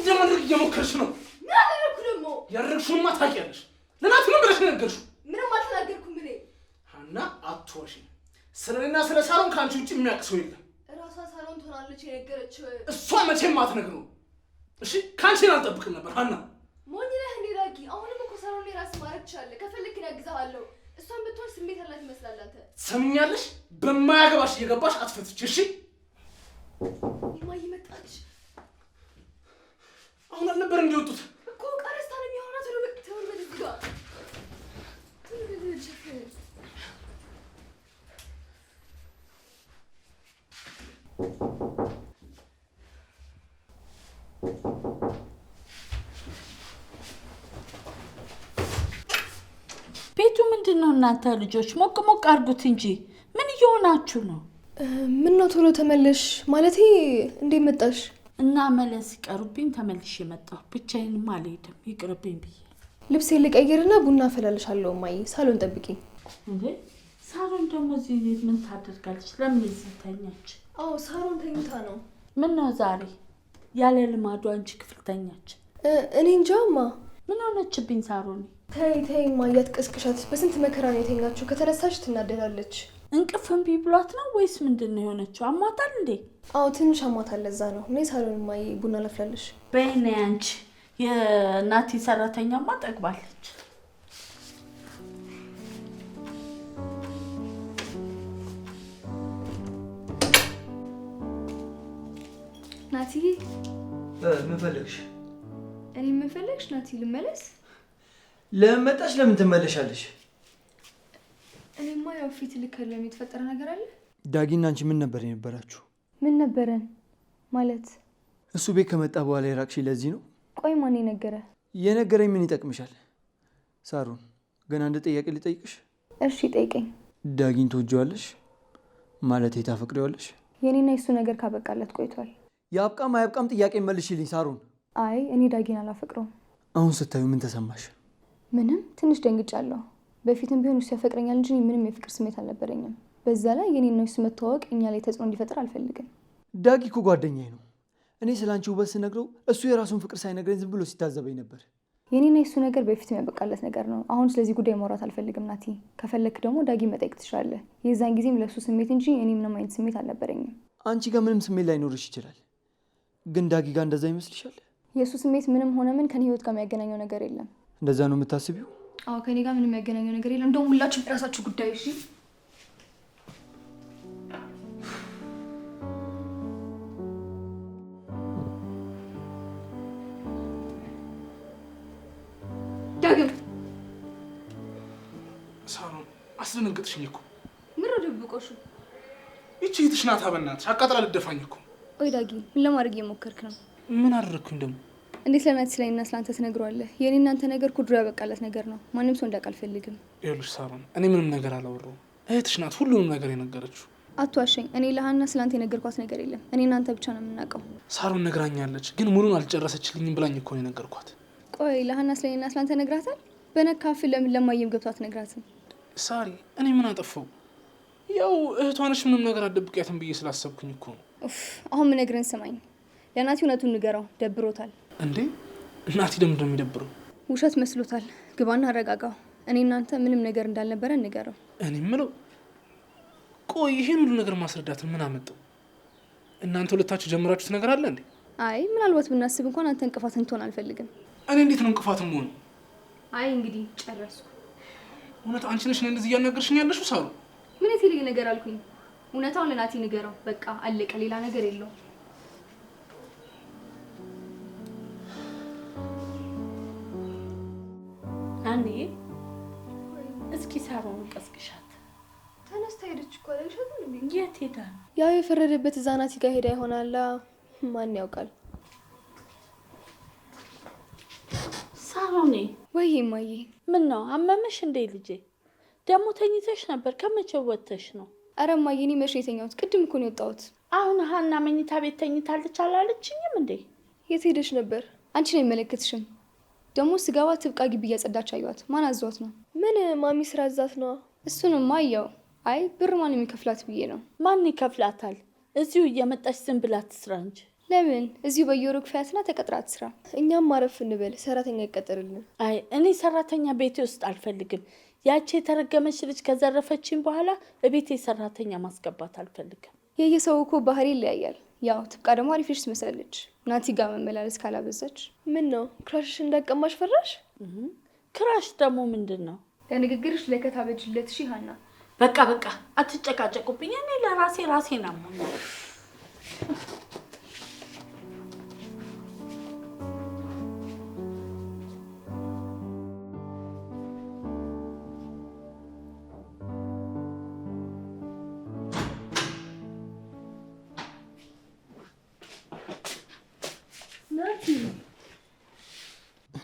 ምን ለማድረግ እየሞከርሽ ነው? ምን አደረግኩ ደግሞ? ያደረግሽውማ ታውቂያለሽ። ለናት ምን ብለሽ ምንም አልተናገርኩም። እኔ ሀና አትዋሽ። ስለኔና ስለ ሳሮን ከአንቺ ውጭ የሚያውቅ ሰው የለም። ሳሮን ትሆናለች የነገረች። እሷ መቼም አትነግረው። እሺ ከአንቺን አልጠብቅም ነበር ሀና። ሞኝ ነህ እንዴ ዳጊ? አሁንም እኮ ሳሮን የራስ ማድረግ ትችላለህ። ያግዛሃለሁ። እሷን ብትሆን ስሜት ያላት ይመስላል። አንተ በማያገባሽ እየገባሽ አትፈትች። እሺ ይማ አሁን አልነበር እንዲወጡት እኮ ቀረስታ ነው የሚሆነው። ተወል ተወል በዚህ ጋር ቤቱ ምንድን ነው? እናንተ ልጆች ሞቅ ሞቅ አድርጉት እንጂ ምን እየሆናችሁ ነው? ምን ነው ቶሎ ተመለሽ። ማለቴ እንዴት መጣሽ? እና መለስ ሲቀሩብኝ ተመልሼ መጣሁ። ብቻዬንም አልሄድም ይቅርብኝ ብዬ ልብስ ልቀይርና ቡና አፈላልሻለሁ። እማዬ ሳሎን ጠብቂኝ። እንዴ ሳሮን ደግሞ እዚህ ቤት ምን ታደርጋለች? ለምን እዚህ ተኛች? አዎ ሳሮን ተኝታ ነው። ምን ነው ዛሬ ያለ ልማዱ አንቺ ክፍል ተኛች? እኔ እንጃማ። ምን ሆነችብኝ ሳሮን? ተይ ተይ እማዬ አትቀስቅሻት። በስንት መከራ ነው የተኛችው ከተነሳሽ ትናደዳለች። እንቅፍ እምቢ ብሏት ነው ወይስ ምንድን ነው የሆነችው? አሟታል እንዴ? አዎ ትንሽ አሟታል። ለዛ ነው እኔ ሳሎን ማየ ቡና ላፍላለሽ። በይኔ አንቺ የናቲ ሰራተኛማ ጠግባለች። ናቲ ምን ፈለግሽ? እኔ ምን ፈለግሽ ናቲ? ልመለስ? ለምን መጣሽ? ለምን ትመለሻለሽ? እኔማ ያው ፊት ልከለም የተፈጠረ ነገር አለ። ዳጊና አንቺ ምን ነበር የነበራችሁ? ምን ነበረን ማለት እሱ ቤት ከመጣ በኋላ የራቅሽ ለዚህ ነው? ቆይ ማን የነገረ የነገረኝ ምን ይጠቅምሻል? ሳሩን ገና አንድ ጥያቄ ልጠይቅሽ። እሺ ጠይቀኝ። ዳጊን ትወጂዋለሽ? ማለት ታፈቅሪዋለሽ? የእኔና የሱ ነገር ካበቃለት ቆይቷል። የአብቃም አያብቃም ጥያቄ መልሽልኝ ሳሩን። አይ እኔ ዳጊን አላፈቅረውም። አሁን ስታዩ ምን ተሰማሽ? ምንም ትንሽ ደንግጫለሁ። በፊትም ቢሆን እሱ ያፈቅረኛል እንጂ ምንም የፍቅር ስሜት አልነበረኝም። በዛ ላይ ነው እሱ መተዋወቅ እኛ ላይ ተጽዕኖ እንዲፈጥር አልፈልግም። ዳጊ እኮ ጓደኛዬ ነው። እኔ ስለ አንቺ ውበት ስነግረው እሱ የራሱን ፍቅር ሳይነግረኝ ዝም ብሎ ሲታዘበኝ ነበር። የኔና የሱ ነገር በፊት ያበቃለት ነገር ነው። አሁን ስለዚህ ጉዳይ ማውራት አልፈልግም ናቲ። ከፈለክ ደግሞ ዳጊ መጠየቅ ትችላለህ። የዛን ጊዜም ለእሱ ስሜት እንጂ እኔ ምንም አይነት ስሜት አልነበረኝም። አንቺ ጋር ምንም ስሜት ላይኖርሽ ይችላል፣ ግን ዳጊ ጋር እንደዛ ይመስልሻል? የእሱ ስሜት ምንም ሆነ ምን ከኔ ህይወት ጋር የሚያገናኘው ነገር የለም። እንደዛ ነው የምታስቢው? አዎ ከኔ ጋር ምንም ያገናኘው ነገር የለም። እንደውም ሁላችሁ የራሳችሁ ጉዳይ እሺ። ዳግም ሳሮን አስደነግጥሽኝ እኮ ምን ደብቆሽ? ይቺ እህትሽ አበናት በእናትሽ አቃጥላ ልደፋኝ እኮ። ወይ ዳጊ ምን ለማድረግ እየሞከርክ ነው? ምን አደረግኩኝ ደግሞ እንዴት ለእናት ስለኔና ስለአንተ ትነግረዋለህ? የኔ እናንተ ነገር እኮ ድሮ ያበቃላት ነገር ነው። ማንም ሰው እንዳውቅ አልፈልግም። ይኸውልሽ ሳሮን፣ እኔ ምንም ነገር አላወራሁም። እህትሽ ናት ሁሉንም ነገር የነገረችው። አትዋሸኝ። እኔ ለሀና ስለአንተ የነገርኳት ነገር የለም። እኔ እናንተ ብቻ ነው የምናውቀው። ሳሮን ነግራኛለች፣ ግን ሙሉን አልጨረሰችልኝም ብላኝ እኮ ነው የነገርኳት። ቆይ ለሀና እና ስለአንተ ነግራታል? በነካፍ ለምን ለማየም ገብቷት ነግራትም? ሳሪ፣ እኔ ምን አጠፋው? ያው እህቷነች ምንም ነገር አደብቅያትን ብዬ ስላሰብኩኝ እኮ ነው። አሁን ምነግርን ስማኝ። ለእናት እውነቱን ንገረው፣ ደብሮታል። እንዴ እናቲ ደም ደም የሚደብረው ውሸት መስሎታል። ግባና አረጋጋው። እኔ እናንተ ምንም ነገር እንዳልነበረ ንገረው። እኔ ምለው ቆይ ይሄን ሁሉ ነገር ማስረዳትን ምን አመጣው? እናንተ ሁለታችሁ ጀምራችሁት ነገር አለ እንዴ? አይ ምናልባት ብናስብ እንኳን አንተ እንቅፋት እንትሆን አልፈልግም። እኔ እንዴት ነው እንቅፋት መሆኑ? አይ እንግዲህ ጨረስኩ። እውነት አንቺ ነሽ እንደዚህ እያናገርሽኝ ያለሽው? ሳሩ ምን የቴሌ ነገር አልኩኝ። እውነታውን ለናቲ ንገረው። በቃ አለቀ። ሌላ ነገር የለውም። ሳባውን ቀስቅሻት ተነስታ ሄደች እኮ አላልሻት? የት ሄዳ? ያው የፈረደበት እዛ ናቲ ጋር ሄዳ ይሆናላ። ማን ያውቃል? ሳሮኔ ወይ ማዬ፣ ምን ነው አመመሽ እንዴ ልጄ? ደግሞ ተኝተሽ ነበር፣ ከመቼ ወጥተሽ ነው? አረ ማዬ፣ እኔ መቼ የተኛሁት? ቅድም እኮ ነው የወጣሁት። አሁን ሀና መኝታ ቤት ተኝታለች አላለችኝም እንዴ? የት ሄደሽ ነበር? አንቺን አይመለከትሽም። ደግሞ ስጋባ ትብቃ ግቢ እያጸዳች አየኋት። ማን አዟት ነው? ምን ማሚ ስራ እዛት ነዋ። እሱንማ ያው አይ ብር ማን የሚከፍላት ብዬ ነው። ማን ይከፍላታል? እዚሁ እየመጣች ዝም ብላ ትስራ እንጂ። ለምን እዚሁ በየወሩ ክፍያትና ተቀጥራ ትስራ። እኛም ማረፍ እንበል፣ ሰራተኛ ይቀጠርልን። አይ እኔ ሰራተኛ ቤቴ ውስጥ አልፈልግም። ያቺ የተረገመች ልጅ ከዘረፈችን በኋላ በቤቴ ሰራተኛ ማስገባት አልፈልግም። የየሰው እኮ ባህሪ ይለያያል። ያው ትብቃ ደግሞ አሪፍ ትመስላለች። ናቲ ጋር መመላለስ ካላበዛች። ምን ነው ክራሽሽ እንዳቀማሽ ፈራሽ? ክራሽ ደግሞ ምንድን ነው? ለንግግርሽ ላይ ከታበጅለት ሺ ሀና በቃ በቃ አትጨቃጨቁብኝ። እኔ ለራሴ ራሴ ነው።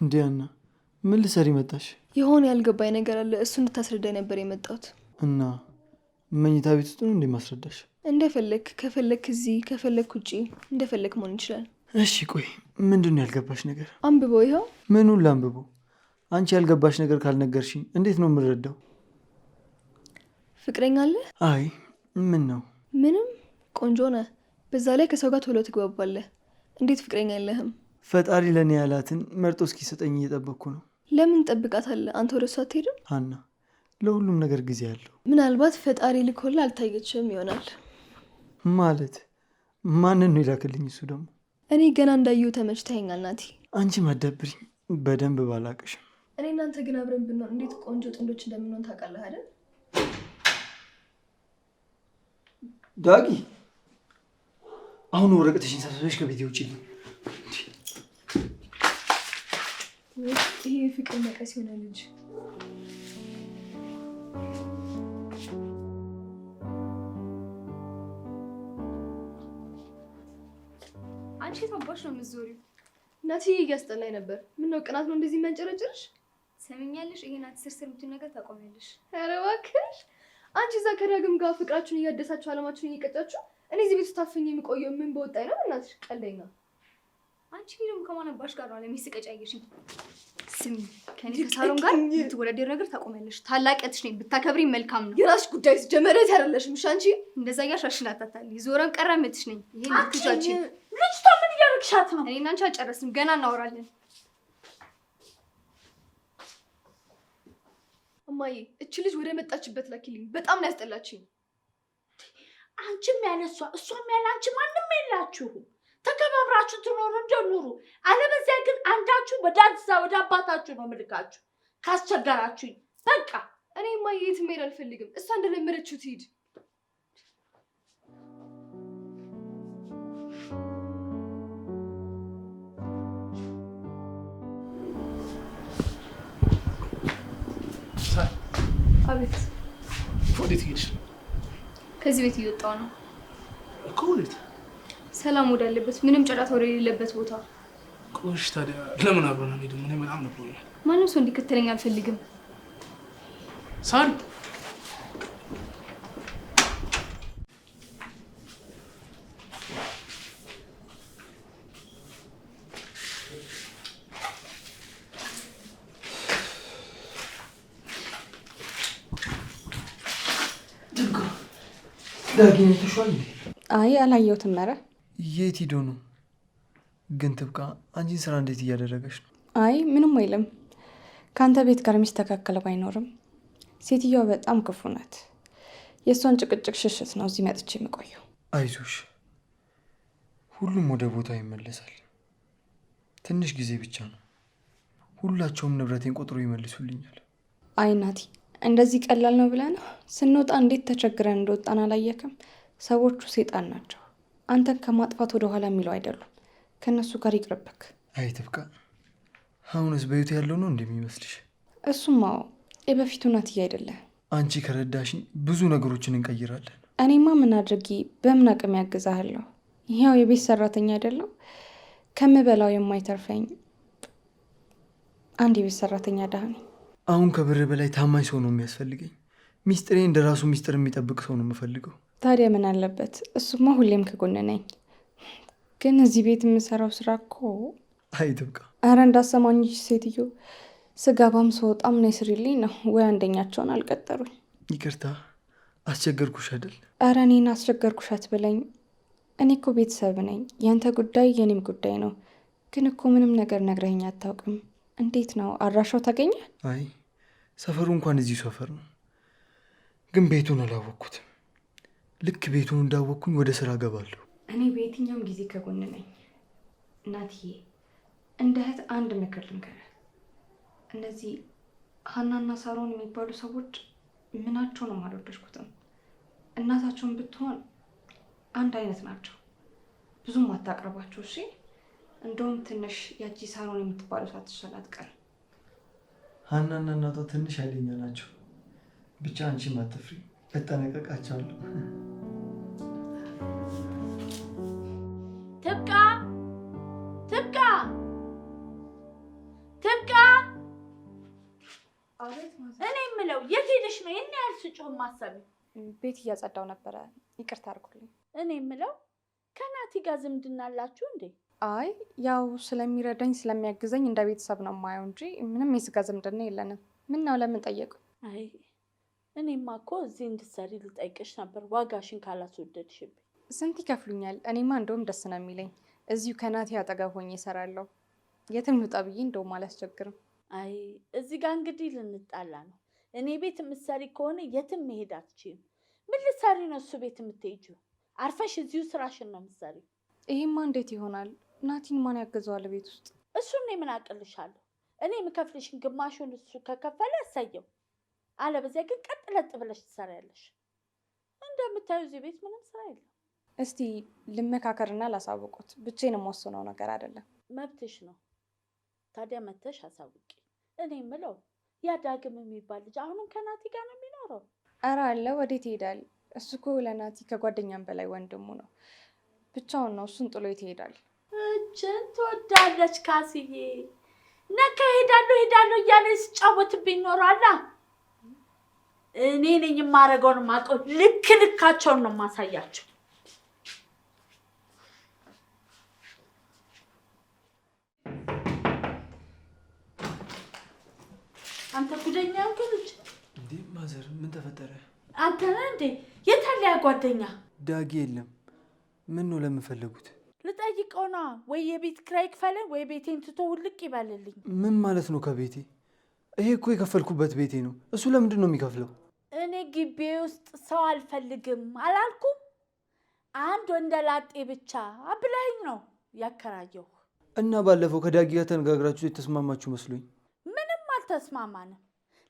እንዲያና ምን ልሰሪ መጣሽ? የሆነ ያልገባኝ ነገር አለ። እሱ እንድታስረዳኝ ነበር የመጣሁት። እና መኝታ ቤት ውስጥ ነው እንዴ ማስረዳሽ? እንደፈለግ ከፈለግ እዚህ ከፈለግ ውጪ እንደፈለግ መሆን ይችላል። እሺ ቆይ ምንድን ነው ያልገባሽ ነገር? አንብቦ ይኸው። ምኑን ላንብበው? አንቺ ያልገባሽ ነገር ካልነገርሽኝ እንዴት ነው የምረዳው? ፍቅረኛ አለ? አይ ምን ነው ምንም። ቆንጆ ነህ። በዛ ላይ ከሰው ጋር ቶሎ ትግባባለህ። እንዴት ፍቅረኛ የለህም? ፈጣሪ ለእኔ ያላትን መርጦ እስኪሰጠኝ እየጠበቅኩ ነው። ለምን ጠብቃታለህ? አንተ ወደ እሷ አትሄድም? ሀና፣ ለሁሉም ነገር ጊዜ አለው። ምናልባት ፈጣሪ ልኮላ አልታየችም ይሆናል። ማለት ማንን ነው ይላክልኝ? እሱ ደግሞ እኔ ገና እንዳየሁ ተመችተኸኛል ናቲ። አንቺ ማደብሪኝ በደንብ ባላቅሽም። እኔ እናንተ ግን አብረን ብንሆን እንዴት ቆንጆ ጥንዶች እንደምንሆን ታውቃለህ አይደል? ዳጊ፣ አሁን ወረቀትሽን ሰብስበሽ ከቤት ውጭ። ይሄ ፍቅር መቀስ የሆነ ልጅ አንቺ የታባሽ ነው የምትዞሪው? እናትዬ እያስጠላኝ ነበር። ምነው ቅናት ነው እንደዚህ የሚያንጨረጭርሽ? ሰምኛለሽ። ይሄን አትስር ስር የምትይው ነገር ታቆሚያለሽ። ኧረ እባክሽ አንቺ እዛ ከዳግም ጋር ፍቅራችሁን እያደሳችሁ አለማችሁን እየቀጫችሁ እኔ እዚህ ቤት ታፍኝ የሚቆየው ምን በወጣኝ ነው? እናትሽ ቀልደኛ አንቺ ደግሞ ከማነባሽ ጋር ነው አለሜ ስቀጫየሽ። ስሚ ከኔ ከሳሎን ጋር የምትወዳደር ነገር ታቆሚያለሽ። ታላቅትሽ ነኝ ብታከብሪ መልካም ነው። የራስሽ ጉዳይ ስጀመረት ያደለሽም ምሽ አንቺ እንደዛ እያሻሽን አታታል ዞረም ቀረምትሽ ነኝ። ይሄ ልትቻችን ልጅቷ ምን እያረግሻት ነው? እኔና አንቺ አልጨረስም፣ ገና እናወራለን። እማዬ እች ልጅ ወደ መጣችበት ላኪልኝ። በጣም ነው ያስጠላችኝ። አንቺም ያለ እሷ እሷም ያለ አንቺ ማንም የላችሁም። ተከባብራችሁ ትኖሩ እንደኑሩ። አለበዚያ ግን አንዳችሁ ወደ አዲስ ወደ አባታችሁ ነው ምልካችሁ። ካስቸገራችሁኝ በቃ እኔማ የት መሄድ አልፈልግም። እሷ እንደለመደችው ትሂድ። አቤት። ወዴት ሄድሽ? ከዚህ ቤት እየወጣሁ ነው እኮ። ወዴት ሰላም ወዳለበት ምንም ጫጫታ ወደሌለበት ቦታ። ቆሽ ታዲያ ለምን አብረን አንሄድም? እኔ በጣም ነበር ማንም ሰው እንዲከተለኝ አልፈልግም። ሳሪ ዳጊ ተሿል። አይ አላየሁትም። ኧረ የት ሂዶ ነው ግን? ትብቃ አንቺን ስራ እንዴት እያደረገች ነው? አይ ምንም አይልም። ከአንተ ቤት ጋር የሚስተካከለው አይኖርም። ሴትዮዋ በጣም ክፉ ናት። የእሷን ጭቅጭቅ ሽሽት ነው እዚህ መጥቼ የምቆየው። አይዞሽ፣ ሁሉም ወደ ቦታ ይመለሳል። ትንሽ ጊዜ ብቻ ነው። ሁላቸውም ንብረቴን ቆጥሮ ይመልሱልኛል። አይ ናቲ፣ እንደዚህ ቀላል ነው ብለህ ነው? ስንወጣ እንዴት ተቸግረን እንደወጣን አላየክም? ሰዎቹ ሴጣን ናቸው። አንተን ከማጥፋት ወደ ኋላ የሚለው አይደሉም። ከእነሱ ጋር ይቅርብክ። አይ ትብቃ። አሁንስ በዩት ያለው ነው እንደሚመስልሽ? እሱም አዎ፣ የበፊቱ ናትዬ አይደለ። አንቺ ከረዳሽኝ ብዙ ነገሮችን እንቀይራለን። እኔማ ምን አድርጌ በምን አቅም ያግዛሃለሁ? ይኸው የቤት ሰራተኛ አይደለው ከምበላው የማይተርፈኝ አንድ የቤት ሰራተኛ ድሃ ነኝ። አሁን ከብር በላይ ታማኝ ሰው ነው የሚያስፈልገኝ። ሚስጥሬ እንደ ራሱ ሚስጥር የሚጠብቅ ሰው ነው የምፈልገው። ታዲያ ምን አለበት? እሱማ ሁሌም ከጎን ነኝ። ግን እዚህ ቤት የምሰራው ስራ እኮ አይትብቃ። አረ እንዳሰማኝ ሴትዮ፣ ስገባም ስወጣም ነይ ስሪልኝ ነው ወይ አንደኛቸውን አልቀጠሩኝ። ይቅርታ አስቸገርኩሽ አይደል? አረ እኔን አስቸገርኩሽ አትበለኝ። እኔ እኮ ቤተሰብ ነኝ። ያንተ ጉዳይ የኔም ጉዳይ ነው። ግን እኮ ምንም ነገር ነግረኸኝ አታውቅም። እንዴት ነው አድራሻው ታገኘ? አይ ሰፈሩ እንኳን እዚሁ ሰፈር ነው፣ ግን ቤቱን አላወቅኩትም። ልክ ቤቱን እንዳወቅኩኝ ወደ ስራ ገባለሁ። እኔ በየትኛውም ጊዜ ከጎን ነኝ እናትዬ። እንደ እህት አንድ ምክር ልምከርህ። እነዚህ ሀናና ሳሮን የሚባሉ ሰዎች ምናቸው ነው አልወደድኩትም። እናታቸውን ብትሆን አንድ አይነት ናቸው። ብዙም አታቅርባቸው እሺ። እንደውም ትንሽ ያቺ ሳሮን የምትባለው ሳትሻላት ቀር። ሀናና እናቷ ትንሽ ኃይለኛ ናቸው። ብቻ አንቺም አትፍሪ። እጠነቀቃቸዋለሁ። ትብቃ ትብቃ ትብቃ። እኔ የምለው የት ሄደሽ ነው? ይህን ያህል ስጮህ ማሰብ። ቤት እያጸዳው ነበረ፣ ይቅርታ አድርጉልኝ። እኔ የምለው ከናቲ ጋር ዝምድና አላችሁ እንዴ? አይ ያው ስለሚረዳኝ ስለሚያግዘኝ እንደ ቤተሰብ ነው የማየው እንጂ ምንም የስጋ ዝምድና የለንም። ምን ነው ለምን ጠየቁ? አይ እኔማ እኮ እዚህ እንድትሰሪ ልጠይቅሽ ነበር ዋጋሽን ካላስወደድሽብኝ። ስንት ይከፍሉኛል? እኔማ እንደውም ደስ ነው የሚለኝ እዚሁ ከናቴ አጠገብ ሆኜ እሰራለሁ። የትም ልውጣ ብዬ እንደውም አላስቸግርም። አይ እዚህ ጋር እንግዲህ ልንጣላ ነው። እኔ ቤት የምትሰሪ ከሆነ የትም መሄድ አትችይም። ምን ልትሰሪ ነው እሱ ቤት የምትሄጂው? አርፈሽ እዚሁ ስራሽን ነው የምትሰሪ። ይሄማ እንዴት ይሆናል? ናቲን ማን ያገዘዋል ቤት ውስጥ? እሱ እኔ ምን አቅልሻለሁ? እኔ የምከፍልሽን ግማሹን እሱ ከከፈለ ያሳየው አለበዚያ ግን ቀጥ ለጥ ብለሽ ትሰሪያለሽ። እንደምታዩ እዚህ ቤት ምንም ስራ የለም። እስቲ ልመካከርና ላሳውቁት። ብቻዬን የምወስነው ነገር አይደለም። መብትሽ ነው። ታዲያ መተሽ አሳውቂ። እኔ ምለው ያ ዳግም የሚባል ልጅ አሁንም ከናቲ ጋር ነው የሚኖረው? እረ አለ ወዴት ይሄዳል? እሱ እኮ ለናቲ ከጓደኛም በላይ ወንድሙ ነው። ብቻውን ነው፣ እሱን ጥሎት ይሄዳል። እጅን ትወዳለች። ካስዬ ነካ ሄዳለሁ ሄዳለሁ እያለ ሲጫወትብኝ ኖሯላ እኔ ነኝ የማደርገውን ማውቀው። ልክ ልካቸውን ነው የማሳያቸው። አንተ ጉደኛ ልጅ እንዴ! ማዘር ምን ተፈጠረ? አንተ ነህ እንዴ? የታለያ ጓደኛ ዳጊ? የለም። ምን ነው ለምፈለጉት? ልጠይቀው ነዋ። ወይ የቤት ክራይ ክፈለ፣ ወይ ቤቴን ትቶ ውልቅ ይበልልኝ። ምን ማለት ነው? ከቤቴ ይሄ እኮ የከፈልኩበት ቤቴ ነው። እሱ ለምንድን ነው የሚከፍለው? እኔ ግቢ ውስጥ ሰው አልፈልግም አላልኩም? አንድ ወንደላጤ ብቻ ብለኸኝ ነው ያከራየው። እና ባለፈው ከዳጊ ጋር ተነጋግራችሁ የተስማማችሁ መስሎኝ። ምንም አልተስማማንም።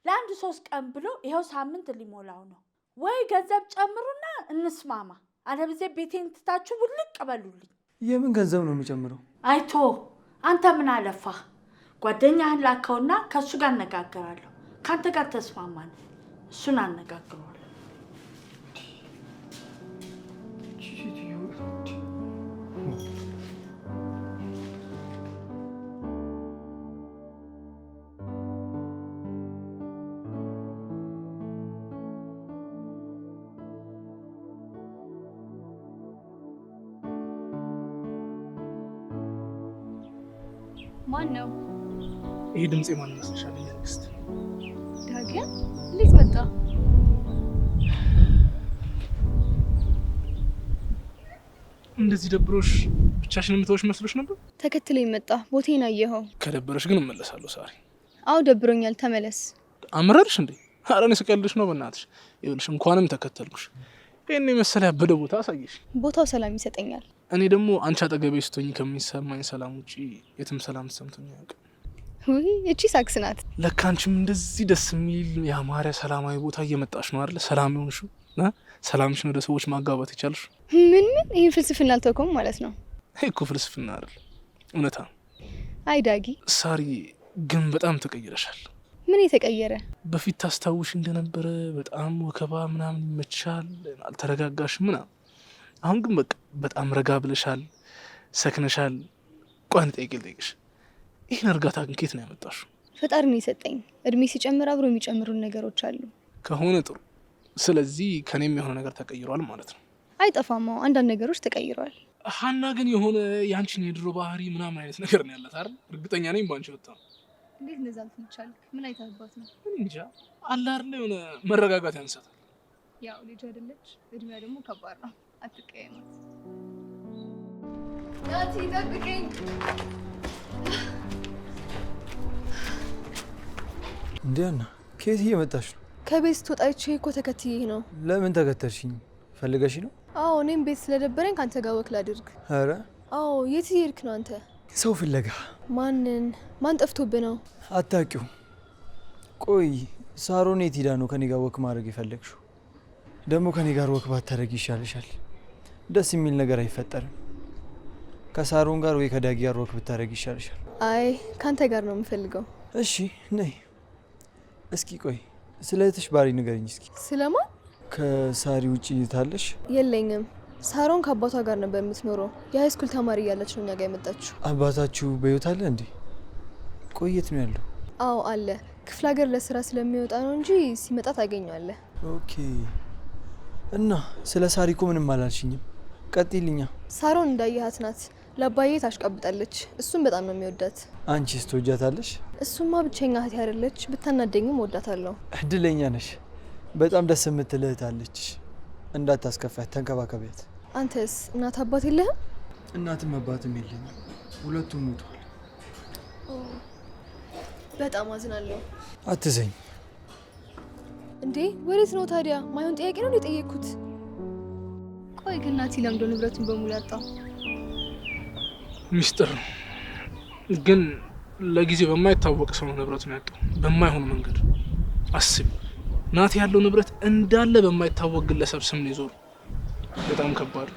ለአንድ ሶስት ቀን ብሎ ይኸው ሳምንት ሊሞላው ነው። ወይ ገንዘብ ጨምሩና እንስማማ፣ አለበለዚያ ቤቴን ትታችሁ ውልቅ በሉልኝ። የምን ገንዘብ ነው የሚጨምረው? አይቶ አንተ ምን አለፋ፣ ጓደኛህን ላከውና ከእሱ ጋር እነጋገራለሁ። ከአንተ ጋር ተስማማን። እሱን አነጋግሯል። ማን ነው ይሄ ድምፅ? ማን ይመስልሻል? እንዴት መጣ? እንደዚህ ደብሮሽ ብቻሽን የምትወሽ መስሎሽ ነበር። ተከትለኝ መጣ። ቦቴን አየኸው። ከደብረሽ ግን እመለሳለሁ ሳሪ። አዎ ደብሮኛል፣ ተመለስ። አምረርሽ እንዴ? ኧረ እኔ ስቀልድሽ ነው በእናትሽ። ይኸውልሽ እንኳንም ተከተልኩሽ። ይህን የመሰለ ያበደ ቦታ አሳየሽ። ቦታው ሰላም ይሰጠኛል። እኔ ደግሞ አንቺ አጠገቤ ስትሆኝ ከሚሰማኝ ሰላም ውጪ የትም ሰላም ተሰምቶኝ አያውቅም። እቺ ሳክስ ናት። ለካ አንቺም እንደዚህ ደስ የሚል የአማረ ሰላማዊ ቦታ እየመጣሽ ነው አለ ሰላም የሆንሽ ሰላምሽን ወደ ሰዎች ማጋባት ይቻልሽ። ምን ምን ይህን ፍልስፍና አልተውከውም ማለት ነው። ይህ እኮ ፍልስፍና አይደል፣ እውነታ አይ ዳጊ፣ ሳሪ ግን በጣም ተቀይረሻል። ምን የተቀየረ? በፊት ታስታውሽ እንደነበረ በጣም ወከባ ምናምን ይመችሻል፣ አልተረጋጋሽ ምናምን። አሁን ግን በቃ በጣም ረጋ ብለሻል፣ ሰክነሻል። ቋን ጠይቅል ጠይቅሽ ይህን እርጋታ ግን ከየት ነው ያመጣሽው? ፈጣሪ ነው የሰጠኝ። እድሜ ሲጨምር አብሮ የሚጨምሩን ነገሮች አሉ። ከሆነ ጥሩ። ስለዚህ ከኔም የሆነ ነገር ተቀይሯል ማለት ነው። አይጠፋም። አንዳንድ ነገሮች ተቀይረዋል። ሀና ግን የሆነ የአንቺን የድሮ ባህሪ ምናምን አይነት ነገር ነው ያለት አይደል? እርግጠኛ ነኝ በአንቺ ወጣ ነው። እንዴት እንደዛ ልትል ምን አይታባት ነው? እንጃ አለ አይደል? የሆነ መረጋጋት ያንሳታል። ያው ልጅ አይደለች፣ እድሜያ ደግሞ ከባድ ነው። አትቀየማት። ናቲ ጠብቀኝ እንዴ ሀና፣ ከየት እየመጣሽ ነው? ከቤት ስትወጣ እኮ ተከትዬ ነው። ለምን ተከተልሽኝ? ፈልገሽ ነው? አዎ፣ እኔም ቤት ስለደበረኝ ከአንተ ጋር ወክ ላድርግ። ኧረ አዎ። የት እየሄድክ ነው አንተ? ሰው ፍለጋ። ማንን? ማን ጠፍቶብህ ነው? አታውቂው። ቆይ ሳሮን የት ሄዳ ነው ከኔ ጋር ወክ ማድረግ የፈለግሽው? ደግሞ ከኔ ጋር ወክ ባታደረግ ይሻልሻል። ደስ የሚል ነገር አይፈጠርም። ከሳሮን ጋር ወይ ከዳጊ ጋር ወክ ብታደረግ ይሻልሻል። አይ ከአንተ ጋር ነው የምፈልገው። እሺ ነይ እስኪ ቆይ ስለ እህትሽ ባሪ ንገረኝ እስኪ። ስለማን? ከሳሪ ውጭ እህታለሽ? የለኝም። ሳሮን ከአባቷ ጋር ነበር የምትኖረው። የሃይስኩል ተማሪ እያለች ነው እኛ ጋር የመጣችው። አባታችሁ በህይወት አለ እንዴ? ቆየት ነው ያለው? አዎ አለ። ክፍለ ሀገር ለስራ ስለሚወጣ ነው እንጂ ሲመጣ ታገኘዋለ። ኦኬ። እና ስለ ሳሪ እኮ ምንም አላልሽኝም። ቀጥይልኛ። ሳሮን እንዳየሃት ናት። ለአባዬ ታሽቃብጣለች። እሱም በጣም ነው የሚወዳት። አንቺስ ትወጃታለሽ? እሱማ ብቸኛ እህቴ አይደለች፣ ብታናደኝም ወዳታለሁ። እድለኛ ነሽ። በጣም ደስ የምትል እህት አለች። እንዳታስከፋት፣ ተንከባከቢያት። አንተስ እናት አባት የለህም? እናትም አባትም የለኝም። ሁለቱም ሞቷል። በጣም አዝናለሁ። አትዘኝ። እንዴ ወዴት ነው ታዲያ? ማይሆን ጥያቄ ነው የጠየቅኩት። ቆይ ግን ናቲ ለምዶ ንብረቱን በሙሉ ያጣው ሚስጥር ግን ለጊዜው በማይታወቅ ሰው ነው ንብረቱን ያጣው። በማይሆን መንገድ አስብ። ናቲ ያለው ንብረት እንዳለ በማይታወቅ ግለሰብ ስም ነው ይዞሩ። በጣም ከባድ።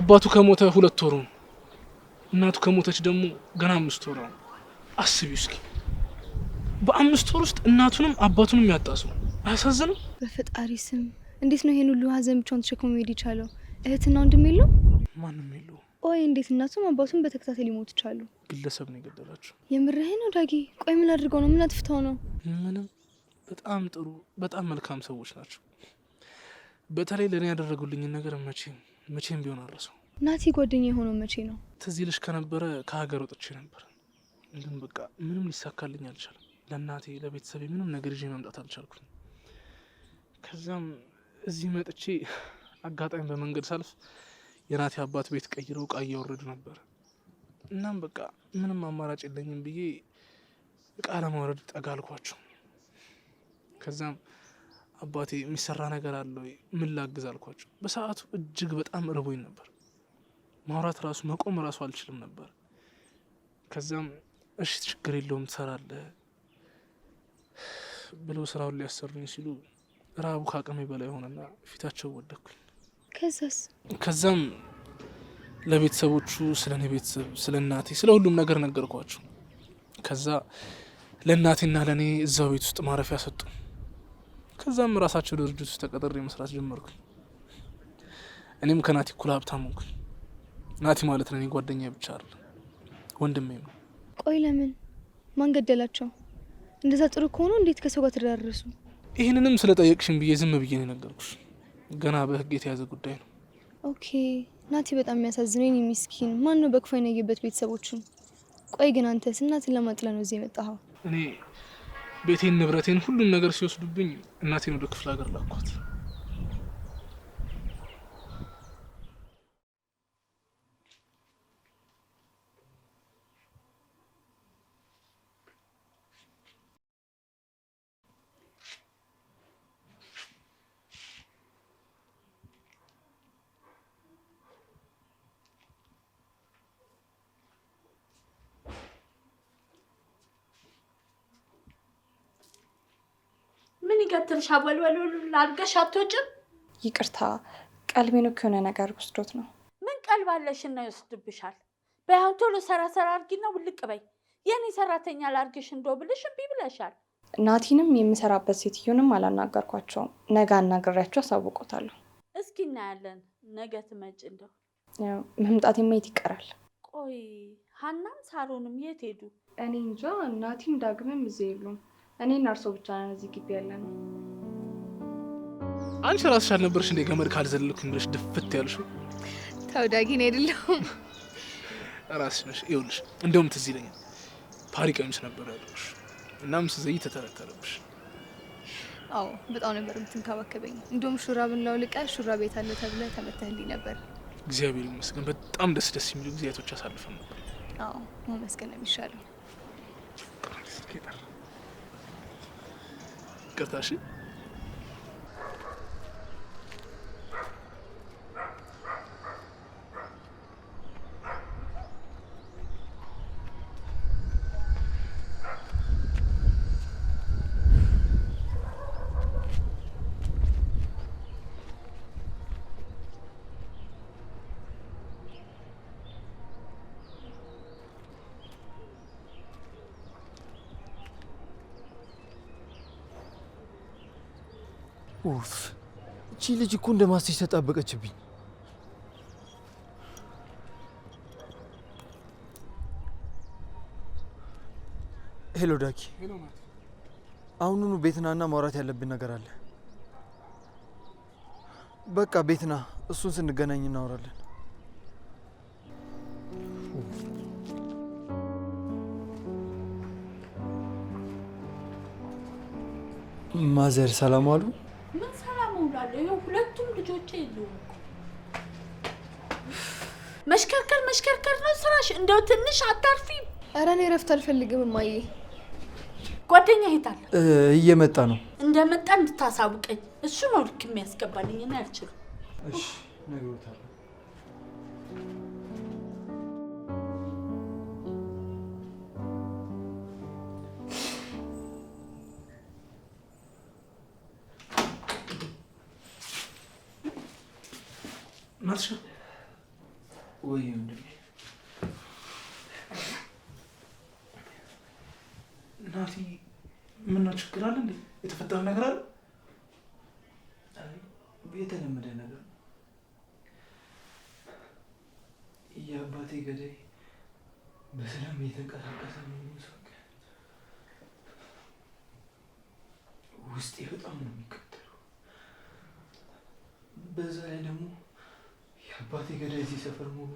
አባቱ ከሞተ ሁለት ወሩ ነው። እናቱ ከሞተች ደግሞ ገና አምስት ወር ነው። አስቢ እስኪ በአምስት ወር ውስጥ እናቱንም አባቱንም ያጣ ሰው አያሳዝንም? በፈጣሪ ስም እንዴት ነው ይሄን ሁሉ ሀዘን ብቻውን ተሸክሞ መሄድ የቻለው? እህትና ወንድም የለው? ማንም የለው። ቆይ እንዴት እናቱም አባቱም በተከታተል ሊሞት ይቻሉ? ግለሰብ ነው የገደላቸው። የምርህን ነው ዳጊ? ቆይ ምን አድርገው ነው? ምን አጥፍተው ነው? ምንም። በጣም ጥሩ፣ በጣም መልካም ሰዎች ናቸው። በተለይ ለእኔ ያደረጉልኝን ነገር መቼም መቼም ቢሆን አረሰው። ናቲ ጓደኛ የሆነው መቼ ነው? ትዝ ይልሽ ከነበረ ከሀገር ወጥቼ ነበር፣ ግን በቃ ምንም ሊሳካልኝ አልቻለም። ለእናቴ ለቤተሰቤ ምንም ነገር ይዤ መምጣት አልቻልኩም። ከዚያም እዚህ መጥቼ አጋጣሚ በመንገድ ሳልፍ የናቴ አባት ቤት ቀይረው እቃ እያወረዱ ነበር። እናም በቃ ምንም አማራጭ የለኝም ብዬ እቃ ለማውረድ ጠጋ አልኳቸው። ከዛም አባቴ የሚሰራ ነገር አለ ወይ ምን ላግዝ አልኳቸው። በሰዓቱ እጅግ በጣም እርቦኝ ነበር። ማውራት ራሱ መቆም ራሱ አልችልም ነበር። ከዛም እሺ ችግር የለውም ትሰራለህ ብለው ስራውን ሊያሰሩኝ ሲሉ ረሃቡ ከአቅሜ በላይ ሆነና ፊታቸው ወደኩኝ። ከዛስ ከዛም ለቤተሰቦቹ ስለ እኔ ቤተሰብ ስለ እናቴ ስለ ሁሉም ነገር ነገርኳቸው። ከዛ ለእናቴና ለእኔ እዛው ቤት ውስጥ ማረፊያ ሰጡ። ከዛም ራሳቸው ድርጅት ውስጥ ተቀጥሬ መስራት ጀመርኩ። እኔም ከናቲ እኩል ሀብታም ሆንኩ። ናቲ ማለት ለእኔ ጓደኛ ብቻ አለ ወንድሜ ነው። ቆይ ለምን ማን ገደላቸው? እንደዛ ጥሩ ከሆኑ እንዴት ከሰው ጋር ተደራረሱ? ይህንንም ስለ ጠየቅሽን ብዬ ዝም ብዬ ነው የነገርኩሽ። ገና በህግ የተያዘ ጉዳይ ነው። ኦኬ ናቲ፣ በጣም የሚያሳዝነኝ የሚስኪን ማን ነው በክፋ የነየበት ቤተሰቦችን። ቆይ ግን አንተስ እናትን ለማጥለ ነው እዚህ የመጣኸው? እኔ ቤቴን፣ ንብረቴን፣ ሁሉም ነገር ሲወስዱብኝ እናቴን ወደ ክፍለ ሀገር ላኳት። ትንሽ አወልወል አድርገሽ አትወጭም? ይቅርታ ቀልቤን እኮ የሆነ ነገር ወስዶት ነው። ምን ቀልብ አለሽና ይወስድብሻል? በያው ቶሎ ሰራ ሰራ አድርጊና ውልቅ በይ። የእኔ ሰራተኛ ላድርግሽ እንደው ብልሽ እምቢ ብለሻል። ናቲንም የምሰራበት ሴትዮንም አላናገርኳቸውም። ነገ አናግሬያቸው አሳውቆታለሁ። እስኪ እናያለን። ነገ ትመጭ እንደው መምጣቴማ የት ይቀራል። ቆይ ሀናም ሳሮንም የት ሄዱ? እኔ እንጃ። ናቲም ዳግምም እዚህ የሉም። እኔና እርሶ ብቻ ነን እዚህ ግቢ ያለ ነው። አንቺ ራስሽ አልነበርሽ እንደ ገመድ ካልዘለልኩኝ ብለሽ ድፍት ያልሽው? ታውዳጊ ነው አይደለሁም። ራስሽ ነሽ። ይኸውልሽ እንደውም ትዝ ይለኛል ፓሪ ቀሚስ ነበር ያለሽ፣ እናም ስዘይ ተተረተረብሽ። አዎ በጣም ነበር የምትንከባከበኝ። እንደውም ሹራብን ላውልቀ ሹራብ ቤት አለ ተብለ ተመተህልኝ ነበር። እግዚአብሔር ይመስገን በጣም ደስ ደስ የሚሉ ጊዜያቶች አሳልፈን ነበር። አዎ መመስገን ነው የሚሻለው። ይቅርታ እሺ ኡፍ እቺ ልጅ እኮ እንደ ማስተሽ ተጣበቀችብኝ። ሄሎ ዳኪ፣ አሁኑኑ ቤትናና ማውራት ያለብን ነገር አለ። በቃ ቤትና እሱን ስንገናኝ እናወራለን። ማዘር ሰላም አሉ? ልጆቼ የለውም። መሽከርከር መሽከርከር ነው ስራሽ። እንደው ትንሽ አታርፊም? ኧረ እኔ እረፍት አልፈልግም እማዬ። ጓደኛ ይሄዳል፣ እየመጣ ነው። እንደመጣ እንድታሳውቀኝ። እሱ ነው ልክ የሚያስገባልኝ። እኔ አልችልም። እሺ፣ ነግሮታል ናትሻ ወይ ናቲ፣ ምነው ችግር አለ የተፈጠረ ነገር አለ? የተለመደ ነገር ነው። የአባቴ ገዳይ በሰላም እየተንቀሳቀሰ ውስጤ በጣም ነው የሚከተለው። በዛ ላይ ደግሞ አባቴ ገዳይ እዚህ ሰፈር መሆኑ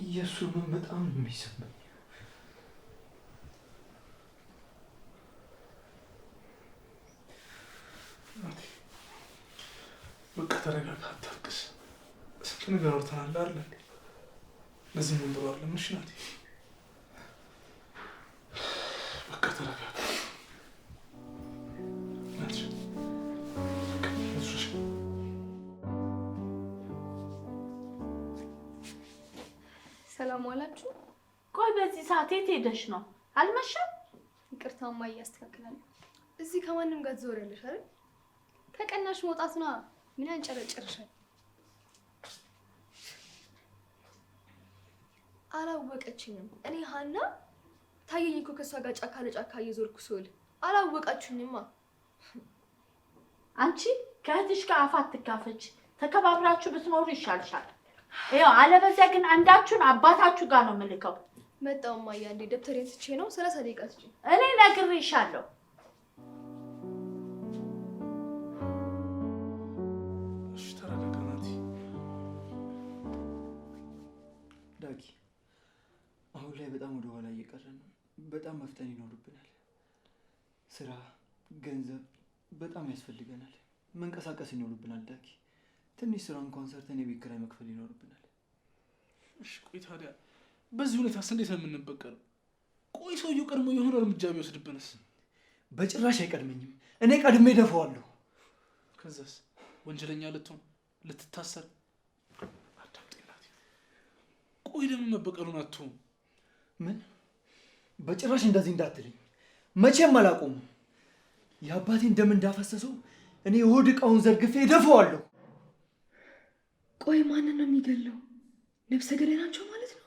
እየሱ ምን በጣም ነው የሚሰማኝ። በቃ ተረጋጋ፣ አታልቅስ። ስንት ነገር አውርተናል አለ ለዚህ ምን ብሎ ምሽናት። በቃ ተረጋጋ እቴት ሄደሽ ነው አልመሸም? ይቅርታማ እያስተካክላለሁ። እዚህ ከማንም ጋር ያለሽ አይደል? ከቀናሽ መውጣት ነዋ። ምን ያንጨረጨርሻል? አላወቀችኝም። እኔ ሀና ታየኝ እኮ ከእሷ ጋር ጫካ ለጫካ እየዞርኩ ስውል አላወቃችሁኝማ። አንቺ ከእህትሽ ጋር አፋት ትካፈች። ተከባብራችሁ ብትኖሩ ይሻልሻል። ያው አለበዚያ ግን አንዳችሁን አባታችሁ ጋር ነው የምልከው። መጣው ማያ፣ እንዴ ደብተሬን ስቼ ነው። ሰላሳ ደቂቃ ስጪ። እኔ ነግሬሻለሁ። አሁን ላይ በጣም ወደ ኋላ እየቀረ ነው። በጣም መፍጠን ይኖርብናል። ስራ፣ ገንዘብ በጣም ያስፈልገናል። መንቀሳቀስ ይኖርብናል። ዳጊ፣ ትንሽ ስራ እንኳን ሰርተን የቤት ኪራይ መክፈል ይኖርብናል። እሺ ቆይ ታዲያ በዚህ ሁኔታ እንዴት ነው የምንበቀለው? ቆይ ሰውየው ቀድሞ የሆነ እርምጃ ቢወስድብንስ? በጭራሽ አይቀድመኝም። እኔ ቀድሜ ደፈዋለሁ። ከዛስ ወንጀለኛ ልትሆን ልትታሰር። ቆይ ደግሞ መበቀሉን አትሆን ምን? በጭራሽ እንደዚህ እንዳትልኝ። መቼም አላቆሙ። የአባቴን ደም እንዳፈሰሰው እኔ የሆድ እቃውን ዘርግፌ ደፈዋለሁ። ቆይ ማንን ነው የሚገለው? ነፍሰ ገዳይ ናቸው ማለት ነው?